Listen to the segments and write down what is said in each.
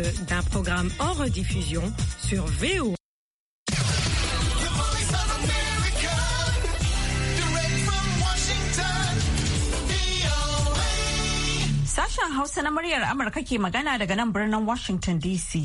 l'écoute d'un programme en rediffusion sur VO. Sashen Hausa na muryar Amurka ke magana daga nan birnin Washington DC.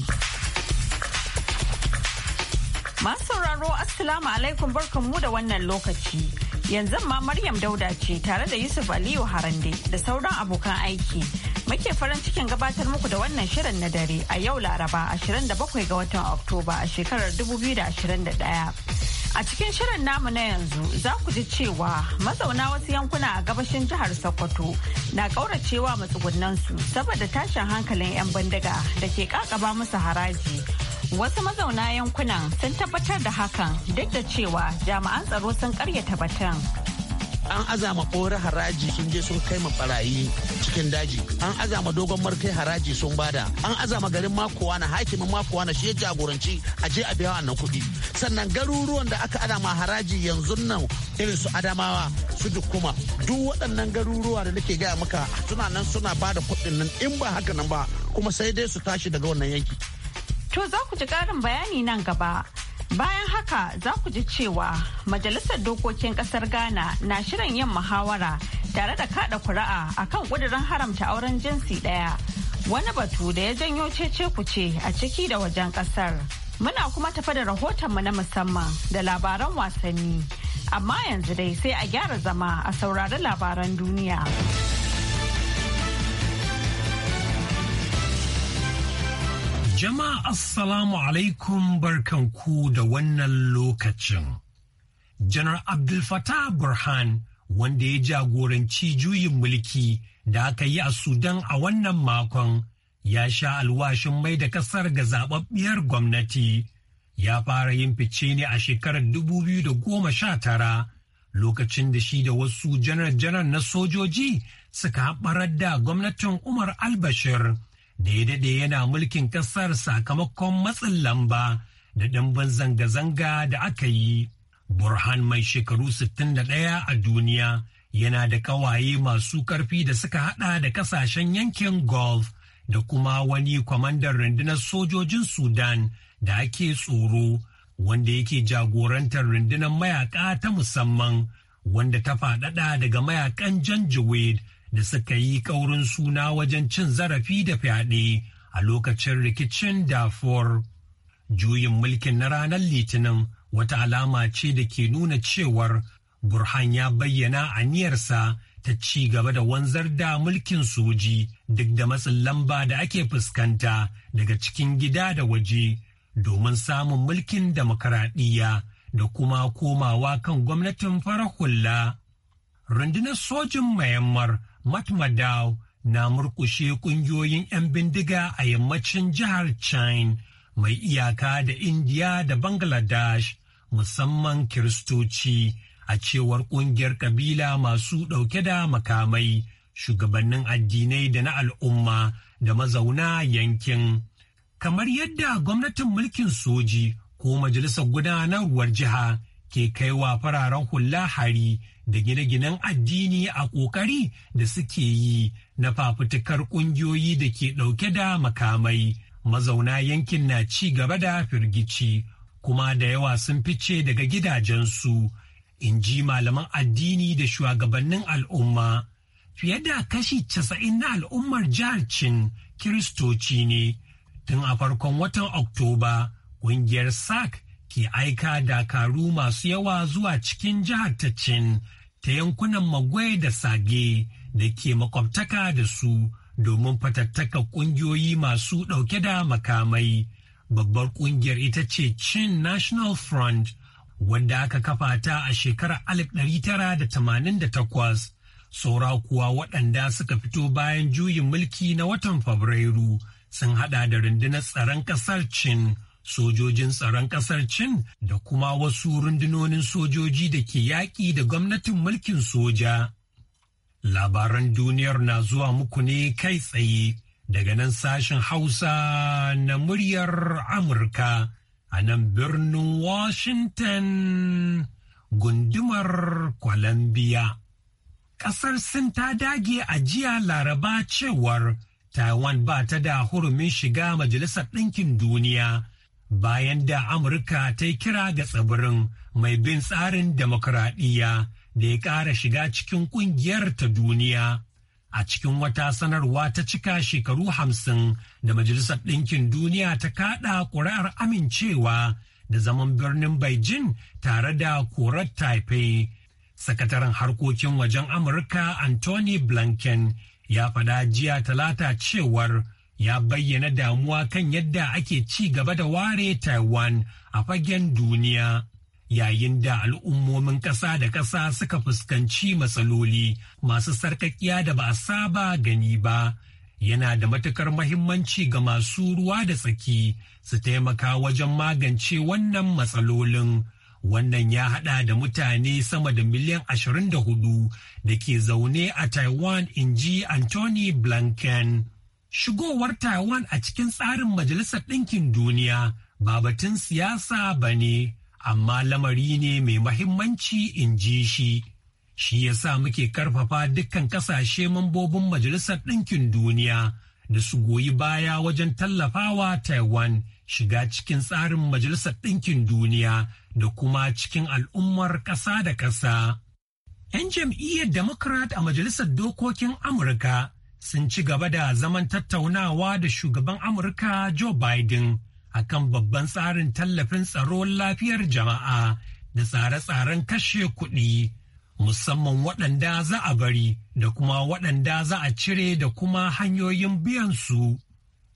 Masu sauraro Assalamu alaikum barkanmu da wannan lokaci. Yanzu ma Maryam Dauda ce tare da Yusuf Aliyu Harande da sauran abokan aiki. Muke farin cikin gabatar muku da wannan shirin na dare a yau Laraba 27 ga watan Oktoba a shekarar 2021. A cikin shirin namu na yanzu za ku ji cewa mazauna wasu yankuna a gabashin jihar Sokoto na kauracewa matsugunan su saboda tashin hankalin 'yan bindiga da ke kakaba musu haraji. Wasu mazauna yankunan sun tabbatar da hakan duk da cewa jami'an tsaro sun karyata batun. an azama ɓore haraji sun je sun kai ma barayi cikin daji an azama dogon markai haraji sun bada an azama garin makowa na hakimin makowa na shi ya jagoranci a je a biya wannan kuɗi sannan garuruwan da aka adama haraji yanzu nan irin su adamawa su kuma duk waɗannan garuruwa da nake gaya maka suna nan suna bada kuɗin nan in ba haka nan ba kuma sai dai su tashi daga wannan yanki. To za ku ji ƙarin bayani nan gaba. Bayan haka za ku ji cewa Majalisar Dokokin Kasar Ghana na shirin yin muhawara tare da kada kuri'a akan ƙudurin haramta auren jinsi ɗaya wani batu da ya janyo cece ku ce a ciki da wajen ƙasar. Muna kuma tafa da rahotonmu na musamman da labaran wasanni. Amma yanzu dai sai a gyara zama a saurari labaran duniya. Jama'a Assalamu alaikum barkanku da wannan lokacin. Janar Abdul Fattah Burhan wanda ya jagoranci juyin mulki da aka yi a Sudan a wannan makon ya sha alwashin mai da kasar ga zababbiyar gwamnati ya fara yin fice ne a shekarar 2019 lokacin da shi da wasu janar-janar na sojoji suka haɓarar da gwamnatin Umar al-Bashir. da ya dade yana mulkin kasar sakamakon matsin lamba da ɗanban zanga-zanga da aka yi. Burhan mai shekaru 61 a duniya yana da kawaye masu ƙarfi da suka haɗa da ƙasashen yankin golf da kuma wani kwamandan rundunar sojojin Sudan da ake tsoro wanda yake jagorantar rundunar mayaka ta musamman wanda ta faɗaɗa daga mayakan Janjaweed da suka yi ƙaurin suna wajen cin zarafi da fyaɗe a lokacin rikicin Darfur. Juyin mulkin na ranar Litinin wata alama ce da ke nuna cewar Burhan ya bayyana aniyarsa ta ci gaba da wanzar da mulkin soji duk da matsin lamba da ake fuskanta daga cikin gida da waje domin samun mulkin demokaradiyya da kuma komawa kan gwamnatin farahulla. Rundunar sojin Myanmar Matmadaw na murkushe kungiyoyin 'yan bindiga a yammacin jihar China mai iyaka da Indiya da Bangladesh musamman Kiristoci a cewar kungiyar kabila masu ɗauke da makamai, shugabannin addinai da na al'umma da mazauna yankin. Kamar yadda gwamnatin mulkin soji ko majalisar gudanarwar jiha ke kaiwa fararen hula hari da gine-ginen addini a ƙoƙari da suke yi na fafutukar ƙungiyoyi da ke ɗauke da makamai. Mazauna yankin na ci gaba da firgici, kuma da yawa sun fice daga gidajensu, in ji malaman addini da shugabannin al'umma. Fiye da kashi casa'in na al'ummar jihar Cin Kiristoci ne, tun a farkon watan Oktoba, ƙungiyar SAC ke aika dakaru masu yawa zuwa cikin jihar ta Cin ta yankunan Magwai da Sage da ke makwabtaka da su domin fatattaka ƙungiyoyi masu ɗauke da makamai. Babbar ƙungiyar ita ce Chin National Front wanda aka kafa ta a shekarar 1988. Saura kuwa waɗanda suka fito bayan juyin mulki na watan Fabrairu sun haɗa da rundunar tsaron ƙasar Chin. sojojin tsaron ƙasar Cin da kuma wasu rundunonin sojoji da ke yaƙi da gwamnatin mulkin soja. Labaran duniyar na zuwa muku ne kai tsaye daga nan sashen Hausa na muryar Amurka a nan birnin Washington gundumar Columbia. Ƙasar Sin ta dage a jiya Laraba cewar Taiwan ba ta da hurumin shiga Majalisar Ɗinkin Duniya. bayan da Amurka ta yi kira ga tsibirin mai bin tsarin demokuraɗiyya da ya ƙara shiga cikin ƙungiyar ta duniya. A cikin wata sanarwa ta cika shekaru hamsin da Majalisar Ɗinkin Duniya ta kaɗa ƙuri'ar amincewa da zaman birnin Beijing tare da korar Taipei. Sakataren harkokin wajen Amurka Anthony Blinken ya faɗa jiya talata cewar ya bayyana damuwa kan yadda ake ci gaba da ware Taiwan a fagen duniya. Yayin da al'ummomin ƙasa da ƙasa suka fuskanci matsaloli masu sarƙaƙiya da ba a saba gani ba, yana da matukar mahimmanci ga masu ruwa da tsaki su taimaka wajen magance wannan matsalolin. wannan ya hada da mutane sama da miliyan 24 da ke zaune a taiwan in ji anthony blanken shigowar Taiwan a cikin tsarin Majalisar Ɗinkin Duniya ba batun siyasa ba ne, amma lamari ne mai mahimmanci in ji shi. Shi ya sa muke karfafa dukkan kasashe mambobin Majalisar Ɗinkin Duniya da su goyi baya wajen tallafawa Taiwan shiga cikin tsarin Majalisar Ɗinkin Duniya da kuma cikin al'ummar ƙasa da ƙasa. 'Yan jam'iyyar Democrat a Majalisar Dokokin Amurka sun ci gaba da zaman tattaunawa da shugaban Amurka Joe Biden a kan babban tsarin tallafin tsaron lafiyar jama'a da tsare-tsaren kashe kuɗi, musamman waɗanda za a bari da kuma waɗanda za a cire da kuma hanyoyin biyansu.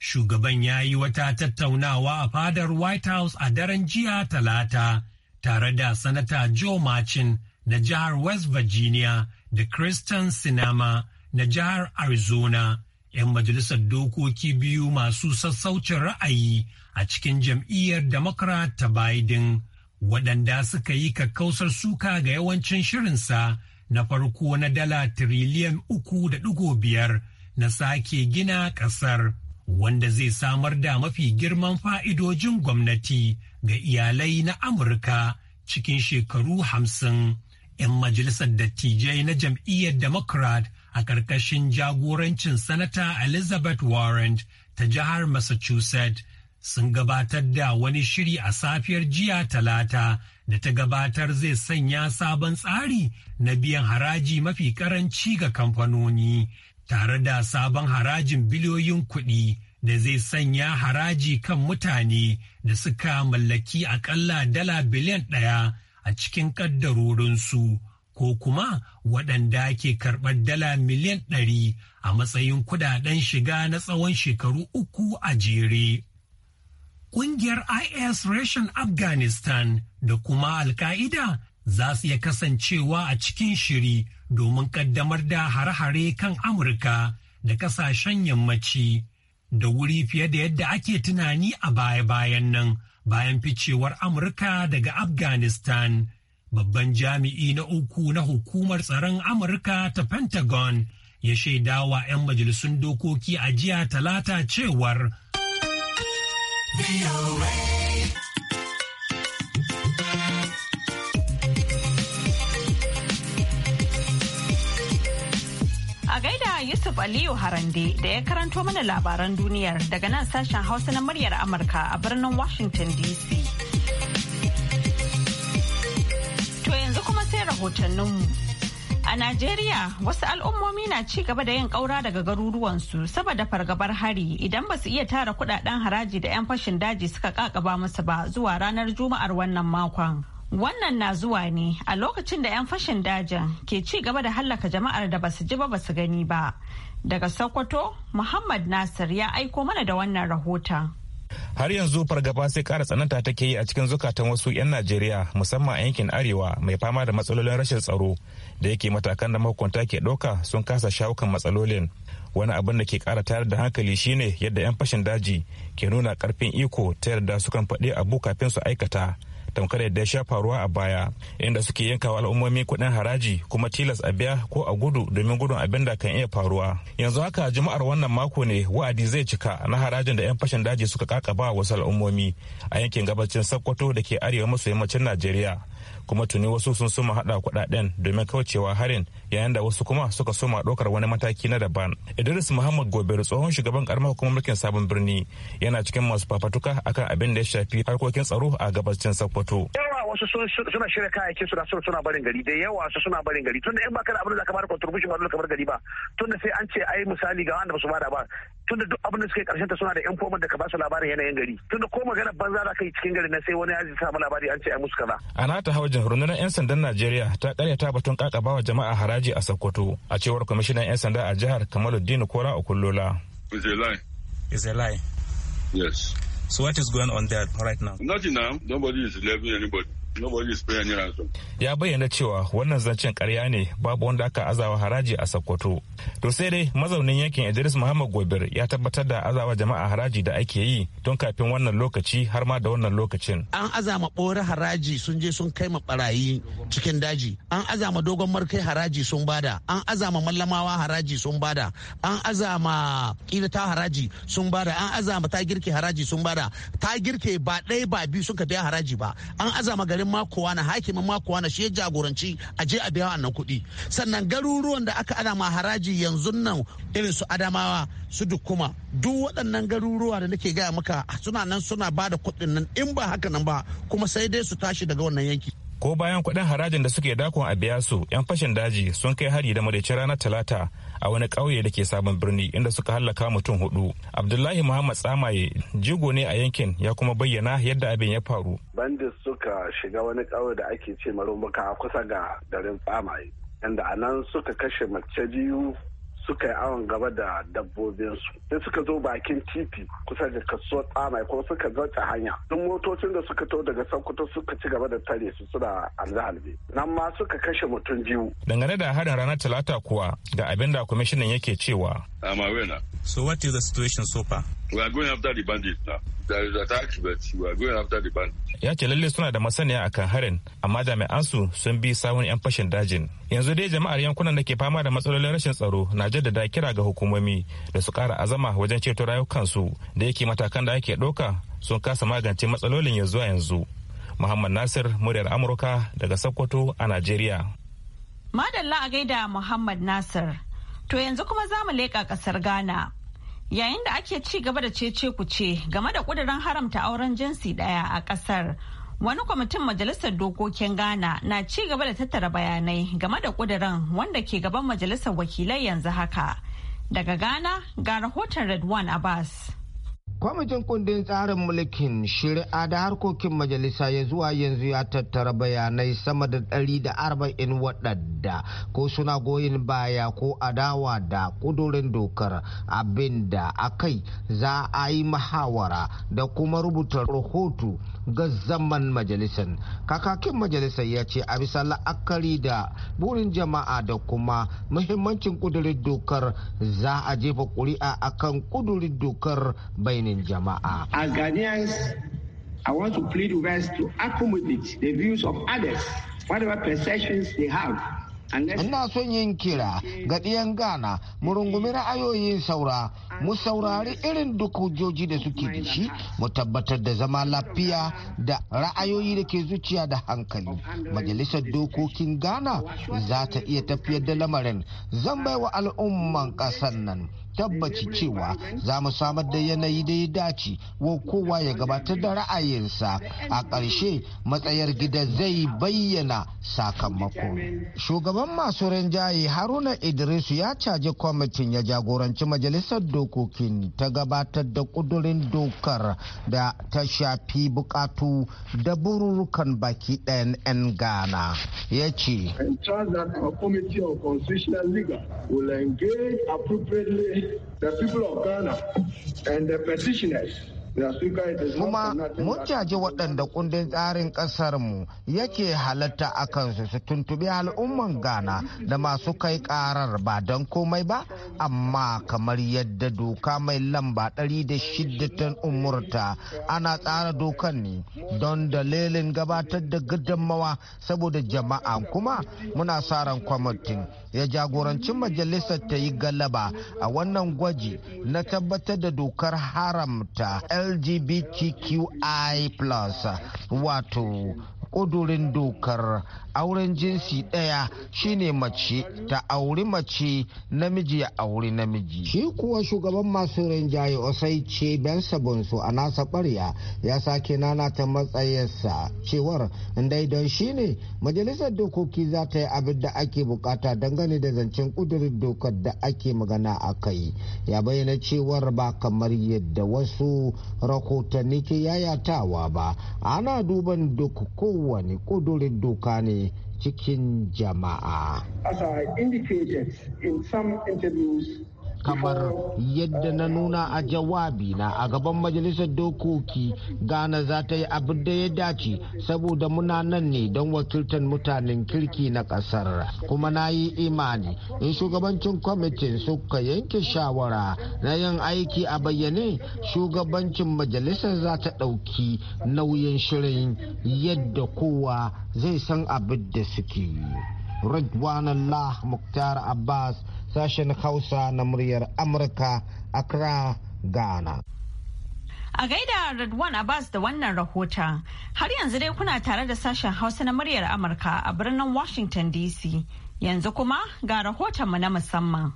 Shugaban ya yi wata tattaunawa a fadar White House a daren jiya talata tare da Sanata Joe Machin na jihar West Virginia da Kristen Sinema. na jihar Arizona 'yan majalisar dokoki biyu masu sassaucin ra'ayi a cikin jam'iyyar Democrat ta Biden waɗanda suka yi kakkausar suka ga yawancin shirinsa na farko na dala tiriliyan uku da ɗigo biyar na sake gina ƙasar wanda zai samar da mafi girman fa'idojin gwamnati ga iyalai na Amurka cikin shekaru hamsin. 'Yan majalisar dattijai na jam'iyyar Democrat a ƙarƙashin jagorancin Sanata Elizabeth Warren ta jihar Massachusetts sun gabatar da wani shiri a safiyar jiya talata da ta gabatar zai sanya sabon tsari na biyan haraji mafi karanci ga kamfanoni tare da sabon harajin biliyoyin kuɗi da zai sanya haraji kan mutane da suka mallaki akalla dala biliyan ɗaya a cikin ƙaddarorinsu. ko kuma waɗanda ke karɓar dala miliyan ɗari a matsayin kudaden shiga na tsawon shekaru uku a jere. Ƙungiyar IS Russian Afghanistan da kuma Al-Qaida za su iya kasancewa a cikin shiri domin ƙaddamar da hare-hare kan Amurka da ƙasashen yammaci da wuri fiye da yadda ake tunani a baya-bayan nan bayan ficewar Amurka daga Afghanistan. babban jami'i na uku na hukumar tsaron amurka ta pentagon ya shaidawa 'yan majalisun dokoki a jiya talata cewar A gaida Yusuf Aliyu Harande da ya karanto mana labaran duniyar daga nan sashen Hausa na muryar Amurka a birnin Washington DC. mu, A Najeriya wasu al'ummomi na ci gaba da yin ƙaura daga garuruwansu saboda fargabar hari idan ba su iya tara kudaden haraji da 'yan fashin daji suka kakaba musu ba zuwa ranar Juma'ar wannan makon. Wannan na zuwa ne a lokacin da 'yan fashin dajin ke ci gaba da hallaka jama'ar da basu ji ba basu gani ba. Daga Sokoto, Muhammad Nasir ya aiko mana da wannan rahoton. har yanzu fargaba sai kara tsananta take yi a cikin zukatan wasu 'yan najeriya musamman a yankin arewa mai fama da matsalolin rashin tsaro da yake matakan da mahukunta ke ɗauka sun kasa shawukan matsalolin wani abin da ke kara tayar da hankali shine yadda 'yan fashin daji ke nuna karfin iko ta yarda sukan faɗi abu kafin su aikata tamkar yadda ya sha faruwa a baya inda suke yanka wa al'ummomi kuɗin haraji kuma tilas a biya ko a gudu domin gudun abin da kan iya faruwa yanzu haka juma'ar wannan mako ne wa'adi zai cika na harajin da 'yan fashin daji suka kakaba wasu al'ummomi a yankin gabacin sokoto da ke arewa maso yammacin najeriya kuma tuni wasu sun suma hada kudaden domin kaucewa harin yayin da wasu kuma suka soma dokar wani mataki na daban idris muhammad gobe tsohon shugaban karamar hukumar mulkin sabon birni yana cikin masu fafatuka akan abin da ya shafi harkokin tsaro a gabashin sokoto yawa wasu suna shirya kayayyakin suna suna barin gari da yawa su suna barin gari tunda in ka da abin da ka bada contribution ba dole kamar gari ba tunda sai an ce ai misali ga wanda ba su bada ba tunda duk abin da suke karshen ta suna da informant da ka ba su labarin yanayin gari tunda ko magana banza da yi cikin gari na sai wani yaji samu labari an ce ai musu kaza a nata hawajin rundunar yan sandan Najeriya ta karyata batun kakabawa jama'a haraji a Sokoto a cewar kwamishinan yan sanda a jihar Kamaluddin Kora Okullola is a lie. is a lie. Yes. So what is going on there right now? Nothing now. Nobody is leaving anybody. Ya bayyana cewa wannan zancen karya ne babu wanda aka azawa haraji a Sokoto. To sai dai mazaunin yankin Idris Muhammad Gobir ya tabbatar da azawa jama'a haraji da ake yi tun kafin wannan lokaci har ma da wannan lokacin. An azama ɓore haraji sun je sun kai ma barayi cikin daji. An azama dogon markai haraji sun bada. An azama mallamawa haraji sun bada. An azama ƙilata haraji sun bada. An azama ta girke haraji sun bada. Ta girke ba ɗaya ba biyu suka biya haraji ba. An azama garin garin makowa na hakimin makowa na shi ya jagoranci a je a biya wannan kuɗi sannan garuruwan da aka ana ma haraji yanzu nan irin su adamawa su dukuma duk waɗannan garuruwa da nake gaya maka suna nan suna ba da kuɗin nan in ba haka nan ba kuma sai dai su tashi daga wannan yanki ko bayan kuɗin harajin da suke dakon a biya su 'yan fashin daji sun kai hari da madaici ranar talata a wani ƙauye da ke sabon birni inda suka hallaka mutum hudu abdullahi muhammad tsamaye jigo ne a yankin ya kuma bayyana yadda abin ya faru bandit suka shiga wani ƙauye da ake ce marumbaka a kusa ga garin tsamaye inda anan suka kashe mace biyu suka yi awon gaba da dabbobinsu sai suka zo bakin titi kusa da kaso tsamai ko suka zace hanya duk motocin da suka to daga sankuta suka ci gaba da tare su suna alzahalbe nan ma suka kashe mutum biyu dangane da harin ranar talata kuwa ga abin da kwamishinan yake cewa I'm aware now. So what is the situation so far? We are going after the bandits now. There is attack, but we are going after the bandits. ya ce lalle suna da masaniya akan harin amma jami'ansu sun bi sawun 'yan fashin dajin yanzu dai jama'ar yankunan da ke fama da matsalolin rashin tsaro na jaddada kira ga hukumomi da su kara azama wajen ceto rayukansu da yake matakan da ake ɗauka sun kasa magance matsalolin ya zuwa yanzu muhammad nasir muryar amurka daga sokoto a najeriya madalla a gaida muhammad nasir to yanzu kuma za mu leƙa ƙasar ghana Yayin da ake ci gaba da cece ce game da kudirin haramta auren jinsi daya a kasar Wani kwamitin Majalisar Dokokin Ghana na ci gaba da tattara bayanai game da kudirin wanda ke gaban Majalisar Wakilai yanzu haka. Daga Ghana ga rahoton red Redwan Abbas. kwamitin kundin tsarin mulkin shari'a da harkokin majalisa ya zuwa yanzu ya tattara bayanai sama da 140 waɗanda ko suna goyin baya ko adawa da kudurin dokar abinda a kai za a yi mahawara da kuma rubuta rahoto ga zaman majalisar kakakin majalisar ya ce a bisa la'akari da burin jama'a da kuma muhimmancin kudurin dokar za a jefa kuri'a akan kudurin dokar bai ginin jama'a. As Ghanaians, I want to plead with us to accommodate the views of others, whatever perceptions they have. Ina son yin kira ga ɗiyan Ghana mu rungumi ra'ayoyin saura mu saurari irin duk hujjoji da suke da shi mu tabbatar da zama lafiya da ra'ayoyi da ke zuciya da hankali. Majalisar dokokin Ghana za ta iya tafiyar da lamarin zan baiwa al'umman ƙasar nan. tabbaci cewa za mu samar da yanayi da ya dace wa kowa ya gabatar da ra'ayinsa a ƙarshe matsayar gida zai bayyana sakamako. shugaban masu rinjaye haruna idrisu ya caji kwamitin ya jagoranci majalisar dokokin ta gabatar da ƙudurin dokar da ta shafi bukatu da bururukan baki ɗayan 'yan ghana ya ce will engage appropriately the kuma mun caji waɗanda kundin tsarin ƙasarmu yake halatta a kansu su tuntuɓi al'umman ghana da masu kai ƙarar ba don komai ba amma kamar yadda doka mai lamba da ta umurta ana tsara dokan ne don dalilin gabatar da gudunmawa saboda jama'a kuma muna sa ran kwamitin ya jagoranci majalisar ta yi galaba a wannan gwaji na tabbatar da dokar haramta lgbtqi wato ƙudurin dokar auren jinsi ɗaya shine mace ta auri mace namiji ya auri namiji. Shi kuwa shugaban masu rinjaye Osai ce Ben sabonsu a nasa ɓarya ya sake nana ta matsayinsa cewar ndai don shi ne majalisar dokoki za ta yi abin da ake bukata dangane da zancen ƙudurin dokar da ake magana a kai. Ya bayyana cewar ba kamar yadda wasu rahotanni ke yayatawa ba ana duban dokokowa kowane ƙudurin doka ne cikin jama'a. As I indicated in some interviews, kamar yadda na nuna a jawabi na a gaban majalisar dokoki gana za ta yi abin da ya dace saboda muna nan ne don wakiltar mutanen kirki na kasar kuma na yi imani in shugabancin kwamitin suka yanke shawara na yin aiki a bayyane shugabancin majalisar za ta ɗauki nauyin shirin yadda kowa zai san abin da suke Ridwanullah Muktar Abbas sashen Hausa na muryar Amurka Accra, Ghana. A gaida Radwan Abbas da wannan rahota har yanzu dai kuna tare da sashen Hausa na muryar Amurka a birnin Washington DC. Yanzu kuma ga rahotonmu na musamman.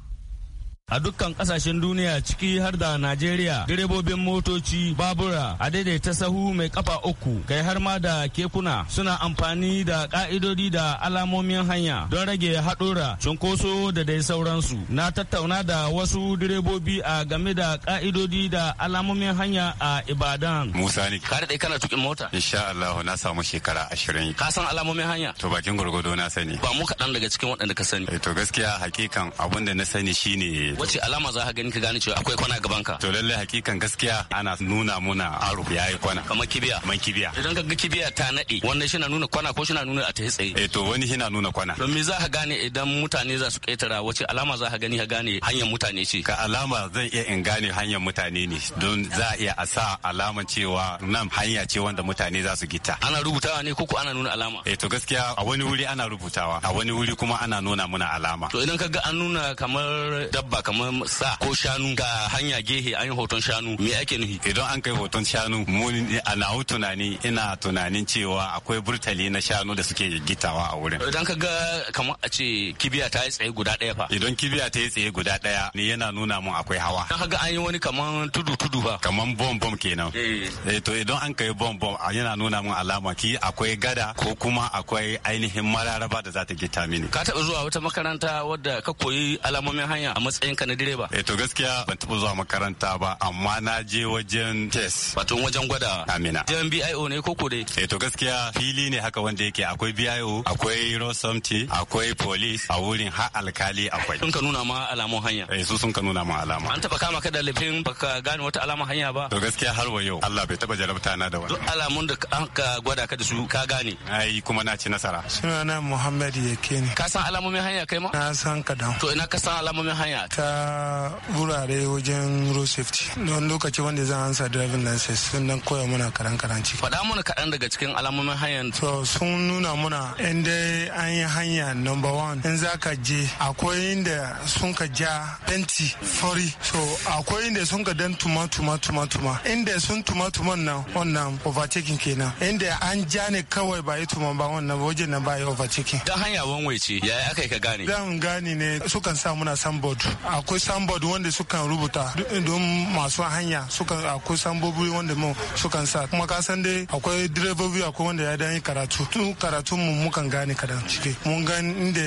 a dukkan kasashen duniya ciki har da Najeriya direbobin motoci babura a daidaita sahu mai kafa uku kai har ma da kekuna suna amfani da ka'idodi da alamomin hanya don rage haɗura cunkoso da dai sauransu na tattauna da wasu direbobi a game da ka'idodi da alamomin hanya a Ibadan Musa ne ka daɗe kana tukin mota insha Allah na samu shekara ashirin ka san alamomin hanya to bakin gwargwado na sani ba mu kaɗan daga cikin waɗanda ka sani eh, to gaskiya hakikan abin da na sani shine wace alama za ka gani ka gane cewa akwai kwana gaban ka to lallai hakikan gaskiya ana nuna muna aro yayi kwana kamar kibiya kamar kibiya idan ka ga kibiya ta nade wannan shi na nuna kwana ko shi na nuna a ta tsaye eh to wani shi na nuna kwana to me za ka gane idan mutane za su ketara wace alama za ka gani ka gane hanyar mutane ce ka alama zan iya in gane hanyar mutane ne don za a iya a sa alaman cewa nan hanya ce wanda mutane za su gita ana rubutawa ne koko ana nuna alama eh to gaskiya a wani wuri ana rubutawa a wani wuri kuma ana nuna muna alama to idan ka ga an nuna kamar dabba kamar sa ko shanu ga hanya gehe an yi hoton shanu me ake nufi idan an kai hoton shanu mu a nawo tunani ina tunanin cewa akwai burtali na shanu da suke gitawa a wurin idan ka ga kamar a ce kibiya ta yi tsaye guda ɗaya fa idan kibiya ta yi tsaye guda ɗaya ne yana nuna mun akwai hawa idan ka ga an yi wani kamar tudu tudu fa kamar bom bom kenan eh. eh to idan an kai bom bom yana nuna mun alama ki akwai gada ko kuma akwai ainihin mararaba da za ta gita mini ka taɓa zuwa wata makaranta wadda ka koyi alamomin hanya a matsayin matsayin ka na direba eh to gaskiya ban taɓa zuwa makaranta ba amma na je wajen test wato wajen gwada amina wajen BIO ne ko dai eh to gaskiya fili ne haka wanda yake akwai BIO akwai Rosamti akwai police a wurin har alkali akwai sun ka nuna ma alamun hanya eh su sun ka nuna ma alama an taɓa kama ka da laifin baka gane wata alama hanya ba to gaskiya har wa yau Allah bai taɓa jarabta na da wani duk alamun da an ka gwada ka da su ka gane ai kuma na ci nasara sunana Muhammad yake ka san alamomin hanya kai ma na san ka dan to ina ka san alamomin hanya ta wurare wajen road safety don lokaci wanda zan ansa driving license sun dan koya mana karan karanci faɗa mana kaɗan daga cikin alamomin hanyar to sun nuna muna in an yi hanya number one in za ka je akwai inda sun ka ja fenti fori so akwai inda sun ka dan tuma tuma tuma tuma inda sun tuma tuma nan wannan overtaking kenan inda an ja ne kawai ba yi tuma ba wannan wajen nan ba yi overtaking dan hanya wanwai ce yaya aka yi ka gane dan gane ne sukan sa muna sambod akwai sambod wanda sukan rubuta don masu hanya sukan akwai sambobi wanda mu sukan sa kuma ka san dai akwai direbobi akwai wanda ya dan yi karatu tun karatu mu mukan gane kadan cike mun gan inda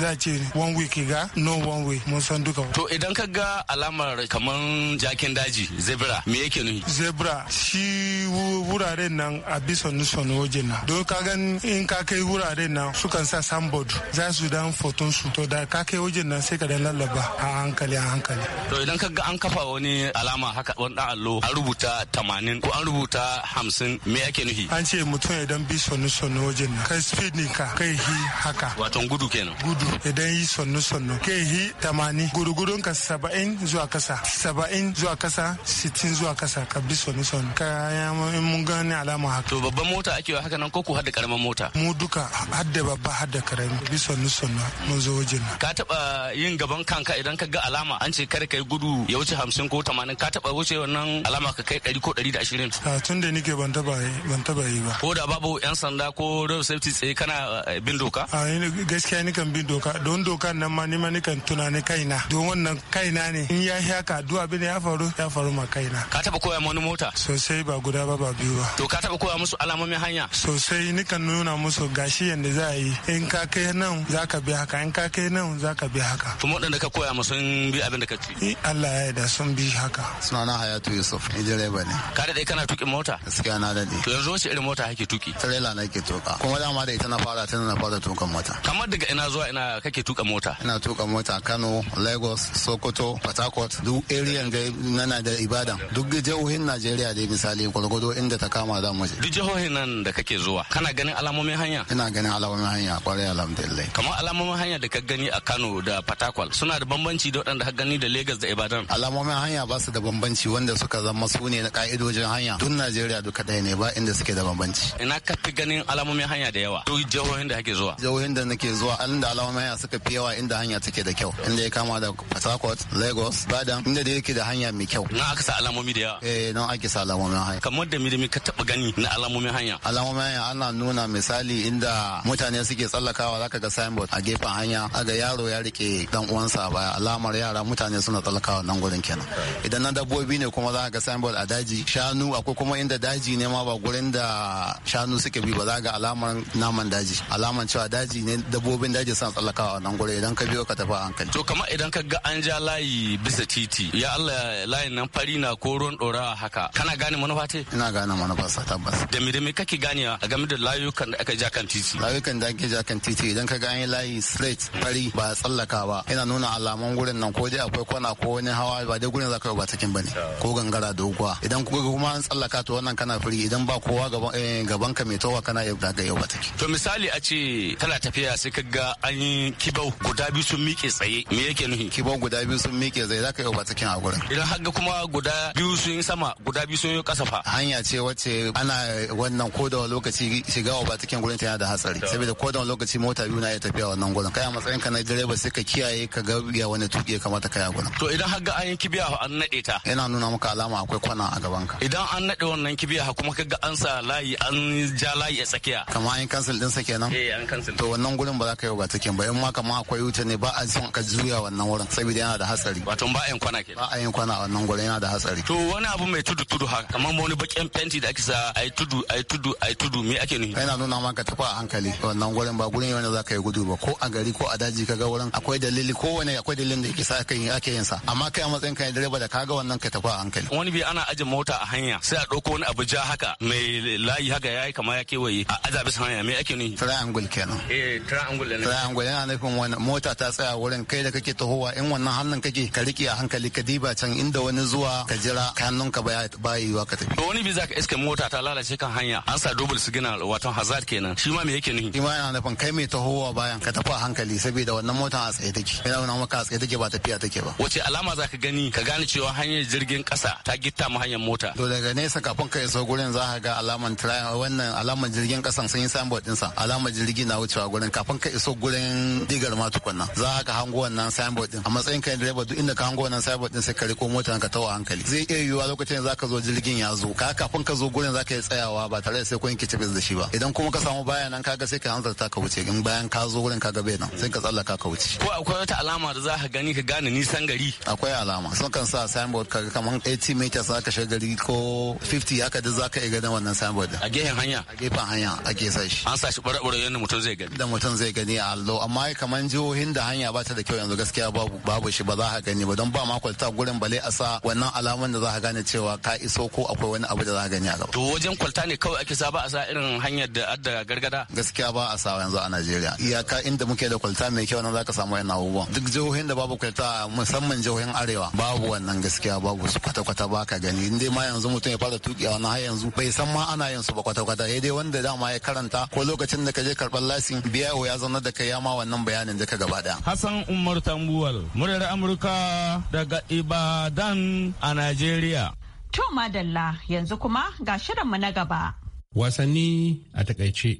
za ce one week ga no one way mun san duka to idan ka ga alamar kaman jakin daji zebra me yake nufi zebra shi wurare nan a bisa nusan wajen na don ka gan in ka kai wuraren nan sukan sa sambod za su dan foton su to da ka kai wajen nan sai ka dan lallaba a hankali a hankali. To idan ka ga an kafa wani alama haka wani dan allo an rubuta tamanin ko an rubuta hamsin me ake nufi? An ce mutum idan bi sonu sonu wajen na kai speed ne ka kai hi haka. Waton gudu kenan. Gudu idan yi sonu. sonu kai hi tamanin. gudugudun ka saba'in zuwa kasa saba'in zuwa kasa sittin zuwa kasa ka bi sonu sonu. ka in mun gane alama haka. To babban mota ake wa haka nan ko ku hadda karamin mota? Mu duka hadda babba hadda karami bi sonu sonu mun zo wajen na. Ka taba yin gaban kanka idan ka ga ga alama an ce kar kai gudu ya wuce hamsin ko tamanin ka taba wuce wannan alama ka kai ɗari ko ɗari da ashirin. a tun da nike ban taba yi ban taba yi ba. ko da babu yan sanda ko road safety tsaye kana eh, bin doka. a gaskiya kan bin doka don doka nan ma nima kan tunani kaina don wannan kaina ne in ya haka duk abin ya faru ya faru ma kaina. ka taba koya wani mota. sosai ba guda ba ba biyu ba. to ka taba koya musu alamomin hanya. sosai kan nuna musu gashi yadda za a yi in ka kai nan za ka bi haka in ka kai nan za ka bi haka. kuma waɗanda ka koya musu sun bi abin da ka ci. Ni eh, Allah ya yarda sun bi haka Suna na Hayatu Yusuf ni direba ne ka da kana tuki mota gaskiya na ne. to yanzu wace irin mota kake tuki trailer na ke tuka kuma dama da ita na fara tana na fara tuka mota kamar daga ina zuwa ina kake tuka mota ina tuka mota Kano Lagos Sokoto Port Harcourt duk area ga nana da Ibadan duk jihohin Najeriya dai misali gwargwado inda ta kama za mu je duk jihohin nan da kake zuwa kana ganin alamomin hanya ina ganin alamomin hanya kwarai alhamdulillah kamar alamomin hanya da ka gani a Kano da Port Harcourt suna da bambanci da da waɗanda har gani da Legas da Ibadan. Alamomin hanya ba su da bambanci wanda suka zama su ne na ka'idojin hanya. Duk Najeriya duka ɗaya ne ba inda suke da bambanci. Ina ka fi ganin alamomin hanya da yawa. Duk jihohin da kake zuwa. Jihohin da nake zuwa inda alamomin hanya suka fi yawa inda hanya take da kyau. Inda ya kama da Port Harcourt, Lagos, Badam, inda da yake da hanya mai kyau. Na aka sa alamomi da yawa. Eh, na ake sa alamomin hanya. Kamar da mi ka taɓa gani na alamomin hanya. Alamomin hanya ana nuna misali inda mutane suke tsallakawa zaka ga signboard a gefen hanya. Aga yaro ya rike dan uwansa baya alama kamar yara mutane suna talakawa nan gurin kenan idan na dabbobi ne kuma za ga signboard a daji shanu akwai kuma inda daji ne ma ba gurin da shanu suke bi ba za ga alamar naman daji alamar cewa daji ne dabbobin daji suna talakawa nan gurin idan ka biyo ka tafi hankali to kamar idan ka ga an ja layi bisa titi ya Allah layin nan fari na ko ruwan dorawa haka kana gane manufa ce ina gane manufa sa tabbas da me da me kake gane a game da layukan da aka ja kan titi layukan da aka ja kan titi idan ka ga an yi layi straight fari ba tsallaka ba yana nuna alaman gurin gurin nan ko dai akwai kwana ko wani hawa ba dai gurin zaka ba cikin bane ko gangara ugwa idan ga kuma an tsallaka to wannan kana firi idan ba kowa gaban eh, gaban ka mai towa kana yau da yau ba take to misali a ce kana tafiya sai ka ga an yi kibau guda biyu sun miƙe tsaye me yake nufi kibau guda biyu sun miƙe tsaye zaka yau ba cikin a gurin idan har ga kuma guda biyu sun yi sama guda biyu sun yi kasa fa hanya ce wacce ana wannan ko da lokaci shiga ba cikin gurin tana da hatsari saboda ko da lokaci mota biyu na iya tafiya wannan gurin kai a matsayin ka na direba sai ka kiyaye ka ga ya wani tuki ya kamata ka yago to idan har ga an yi kibiya an naɗe ta yana nuna maka alama akwai kwana a gaban ka idan an naɗe wannan kibiya kuma kaga an sa layi an ja layi a tsakiya kamar an yi kansil din sa kenan eh an kansil. to wannan gurin ba za ka yi ba cikin ba in ma kamar akwai wuta ne ba a son ka juya wannan wurin saboda yana da hatsari wato ba a yin kwana kenan ba a yin kwana a wannan gurin yana da hatsari to wani abu mai tudu tudu haka kamar wani bakin fenti da ake sa ai tudu ai tudu ai tudu me ake nufi yana nuna maka tafa a hankali wannan gurin ba gurin da za ka yi gudu ba ko a gari ko a daji kaga wurin akwai dalili ko wani akwai dalilin ne ke sa ake yin sa amma kai a matsayin kai direba da kaga wannan kai tafi a hankali wani bi ana aje mota a hanya sai a dauko wani abu ja haka mai layi haka yayi kama ya kewaye a aja bisa hanya me ake ni triangle kenan eh triangle ne triangle yana nufin wani mota ta tsaya wurin kai da kake tahowa in wannan hannun kake ka rike a hankali ka diba can inda wani zuwa ka jira hannunka ba yiwa ka tafi to wani bi zaka iske mota ta lalace kan hanya an sa double signal wato hazard kenan shi ma me yake ni shi ma yana nufin kai mai tahowa bayan ka tafi a hankali saboda wannan mota a tsaye take yana nuna maka a tsaye take ba tafiya take ba wace alama za ka gani ka gane cewa hanyar jirgin kasa ta gitta mu hanyar mota to daga nesa kafin ka iso gurin za ka ga alaman wannan alaman jirgin kasan sun yi signboard ɗinsa alaman jirgin na wucewa gurin kafin ka iso gurin digar ma tukunna za ka hango wannan signboard din a matsayin ka direba duk inda ka hango wannan signboard din sai ka riko mota ka tawa hankali zai iya yiwuwa lokacin za ka zo jirgin ya zo ka kafin ka zo gurin za ka yi tsayawa ba tare da sai kun kicibis da shi ba idan kuma ka samu baya nan kaga sai ka hanzarta ka wuce in bayan ka zo gurin kaga bai nan sai ka tsallaka ka wuce ko akwai wata alama da za ka gani gani ka gane nisan gari akwai alama sun kan sa signboard kaga kaman 80 meters aka shiga gari ko 50 haka da zaka iya ganin wannan signboard a gefen hanya a gefen hanya a sa shi an sa shi bare-bare yanda mutum zai gani da mutum zai gani a allo amma kamar jihohin da hanya ba ta da kyau yanzu gaskiya babu babu shi ba za ka gani ba don ba ma kwalta gurin bale a sa wannan alaman da za ka gane cewa ka iso ko akwai wani abu da za ka gani a gaba to wajen kwalta ne kawai ake sa ba a sa irin hanyar da adda gargada gaskiya ba a sa yanzu a Najeriya iyaka inda muke da kwalta mai kyau nan za ka samu yana abubuwan duk jihohin da babu makwabta musamman jihohin arewa babu wannan gaskiya babu su kwata-kwata ba ka gani in dai ma yanzu mutum ya fara tuki wani har yanzu bai san ma ana yin su ba kwata-kwata sai dai wanda dama ya karanta ko lokacin da ka je karɓar lasin biya ya zauna da kai ya ma wannan bayanin da ka gaba da. Hassan Umar Tambuwal muryar Amurka daga Ibadan a Najeriya. To madalla yanzu kuma ga shirinmu na gaba. Wasanni a takaice.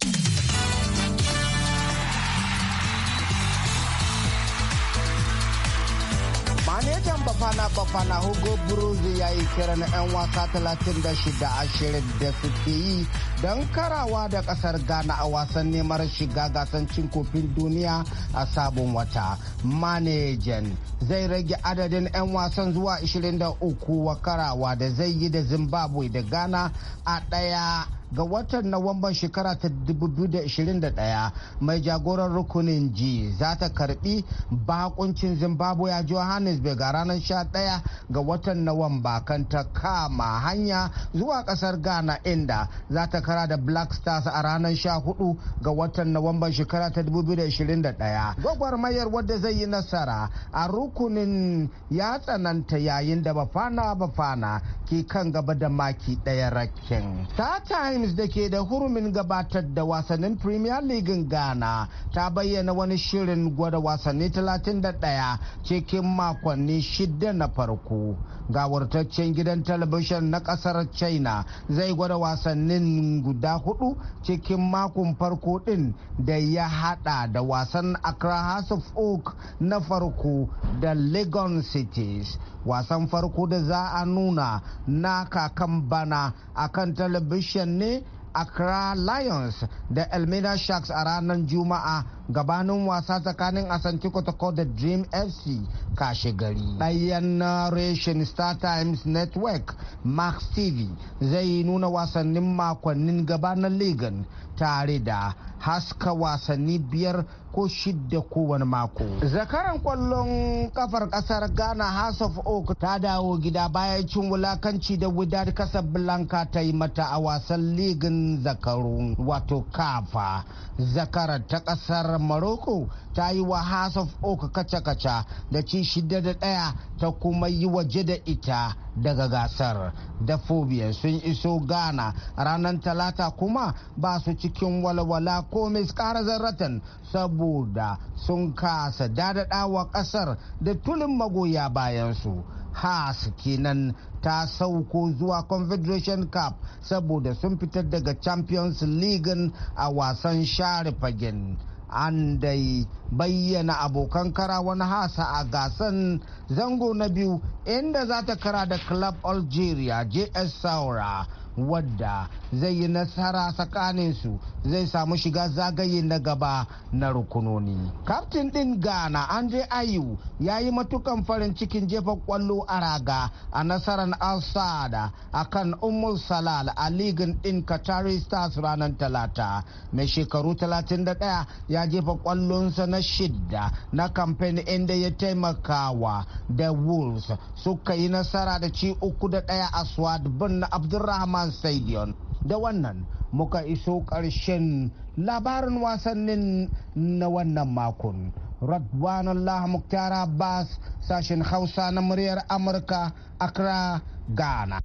bafana bafana hugo bruzi ya yi kiran 'yan wasa 36 ashirin da suke yi don karawa da kasar ghana a wasan neman shiga gasan cin kofin duniya a sabon wata manajan zai rage adadin 'yan wasan zuwa 23 wa karawa da zai yi da zimbabwe da ghana a ɗaya ga watan Nuwamban shekara ta 2021 mai jagoran rukunin g za ta karbi bakuncin Zimbabwe a Johannesburg a ranar 11 ga watan Nuwamba kan ta kama hanya zuwa kasar Ghana inda za ta kara da Black Stars a ranar 14 ga watan Nuwamban shekara ta 2021. Gwagwarmayar wadda zai yi nasara a rukunin ya tsananta yayin da bafana bafana ke kan gaba da maki ɗaya rakin. Tata times da ke da hurumin gabatar da wasannin Premier League Ghana ta bayyana wani shirin gwada wasanni 31 cikin makonni shida na farko. Gawartaccen gidan talabijin na kasar China zai gwada wasannin guda hudu cikin makon farko din da ya hada da wasan Accra House of Oak na farko da Legon Cities. wasan farko da za a nuna na kakan bana a kan talabishin ne accra lions da elmina sharks a ranar juma'a gabanin wasa tsakanin asantiko Kotoko da dream fc kashe gari ɗayan na star times network max tv zai nuna wasannin makonnin gabanin ligan tare da haska wasanni biyar ko shidda kowane mako. Zakaran kwallon kafar kasar Ghana House of Oak ta dawo gida bayan cin wulakanci da kasar Casablanca ta yi mata a wasan ligin zakaru wato kafa. Zakarar ta kasar nasarar Morocco ta yi wa House of Oak kaca-kaca da ci shida da ɗaya ta kuma yi waje da ita daga gasar. Da Phobia sun iso Ghana ranar talata kuma ba su cikin walwala ko miskara zarratan saboda sun kasa dadada wa ƙasar da tulin magoya bayansu. Haas kenan ta sauko zuwa confederation cup saboda sun fitar daga champions league a wasan share fagen an dai bayyana abokan kara wani hasa a gasan zango na biyu inda za ta kara da club algeria js saura wadda zai yi nasara tsakanin su zai samu shiga zagaye na gaba na rukunoni kaftin din ghana andre ayu ya yi matukan farin cikin jefa kwallo a raga a nasarar al-sada a kan umar salal a ligin din qatari stars ranar talata mai shekaru 31 ya jefa kwallonsa na shidda na kamfen inda ya taimakawa da wolves suka yi nasara da ci uku da daya a Swadburn na abdulrahman Khan Stadium. Da wannan muka iso ƙarshen labarin wasannin na wannan makon. Radwanullah Muktar Abbas sashen Hausa na muryar Amurka Accra, Ghana.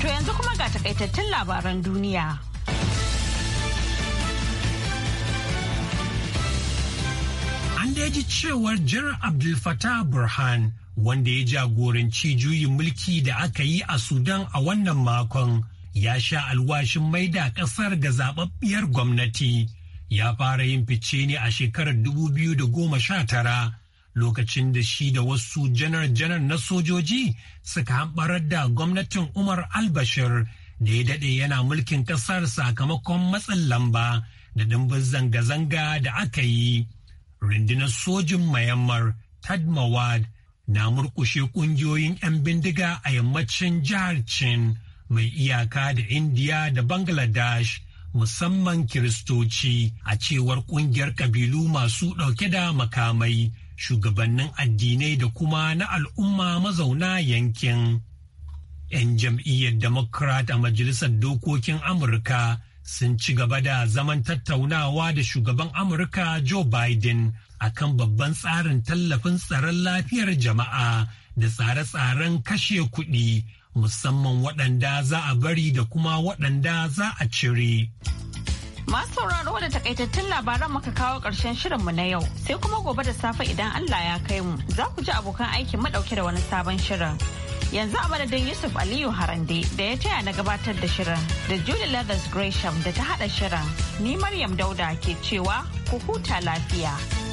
To yanzu kuma ga takaitattun labaran duniya. An daji ji cewar Jira Abdul Fattah Burhan wanda ya jagoranci juyin mulki da aka yi a Sudan a wannan makon ya sha alwashin maida kasar ga zababbiyar gwamnati. Ya fara yin fice ne a shekarar 2019 lokacin da shi da wasu janar-janar na sojoji suka hamɓarar da gwamnatin Umar al-Bashir da ya dade yana mulkin kasar sakamakon matsin lamba da dimbin zanga-zanga da aka yi. Rundunar sojin Myanmar, Tadmawad, na murkushe kungiyoyin 'yan bindiga a yammacin jihar Chin mai iyaka da Indiya da Bangladesh musamman Kiristoci a cewar kungiyar kabilu masu ɗauke da makamai shugabannin addinai da kuma na al'umma mazauna yankin. 'Yan jam'iyyar Democrat a Majalisar Dokokin Amurka sun ci gaba da zaman tattaunawa da shugaban Amurka Joe Biden akan babban tsarin tallafin tsaron lafiyar jama'a da tsare-tsaren kashe kuɗi musamman waɗanda za a bari da kuma waɗanda za a cire. Masu sauraro da takaitattun labaran muka kawo ƙarshen shirinmu na yau sai kuma gobe da safe idan Allah ya kai mu za ku ji abokan aikin madauke da wani sabon shirin. Yanzu a madadin Yusuf Aliyu Harande da ya taya na gabatar da shirin da Julie Leathers Gresham da ta haɗa shirin ni Maryam Dauda ke cewa ku huta lafiya.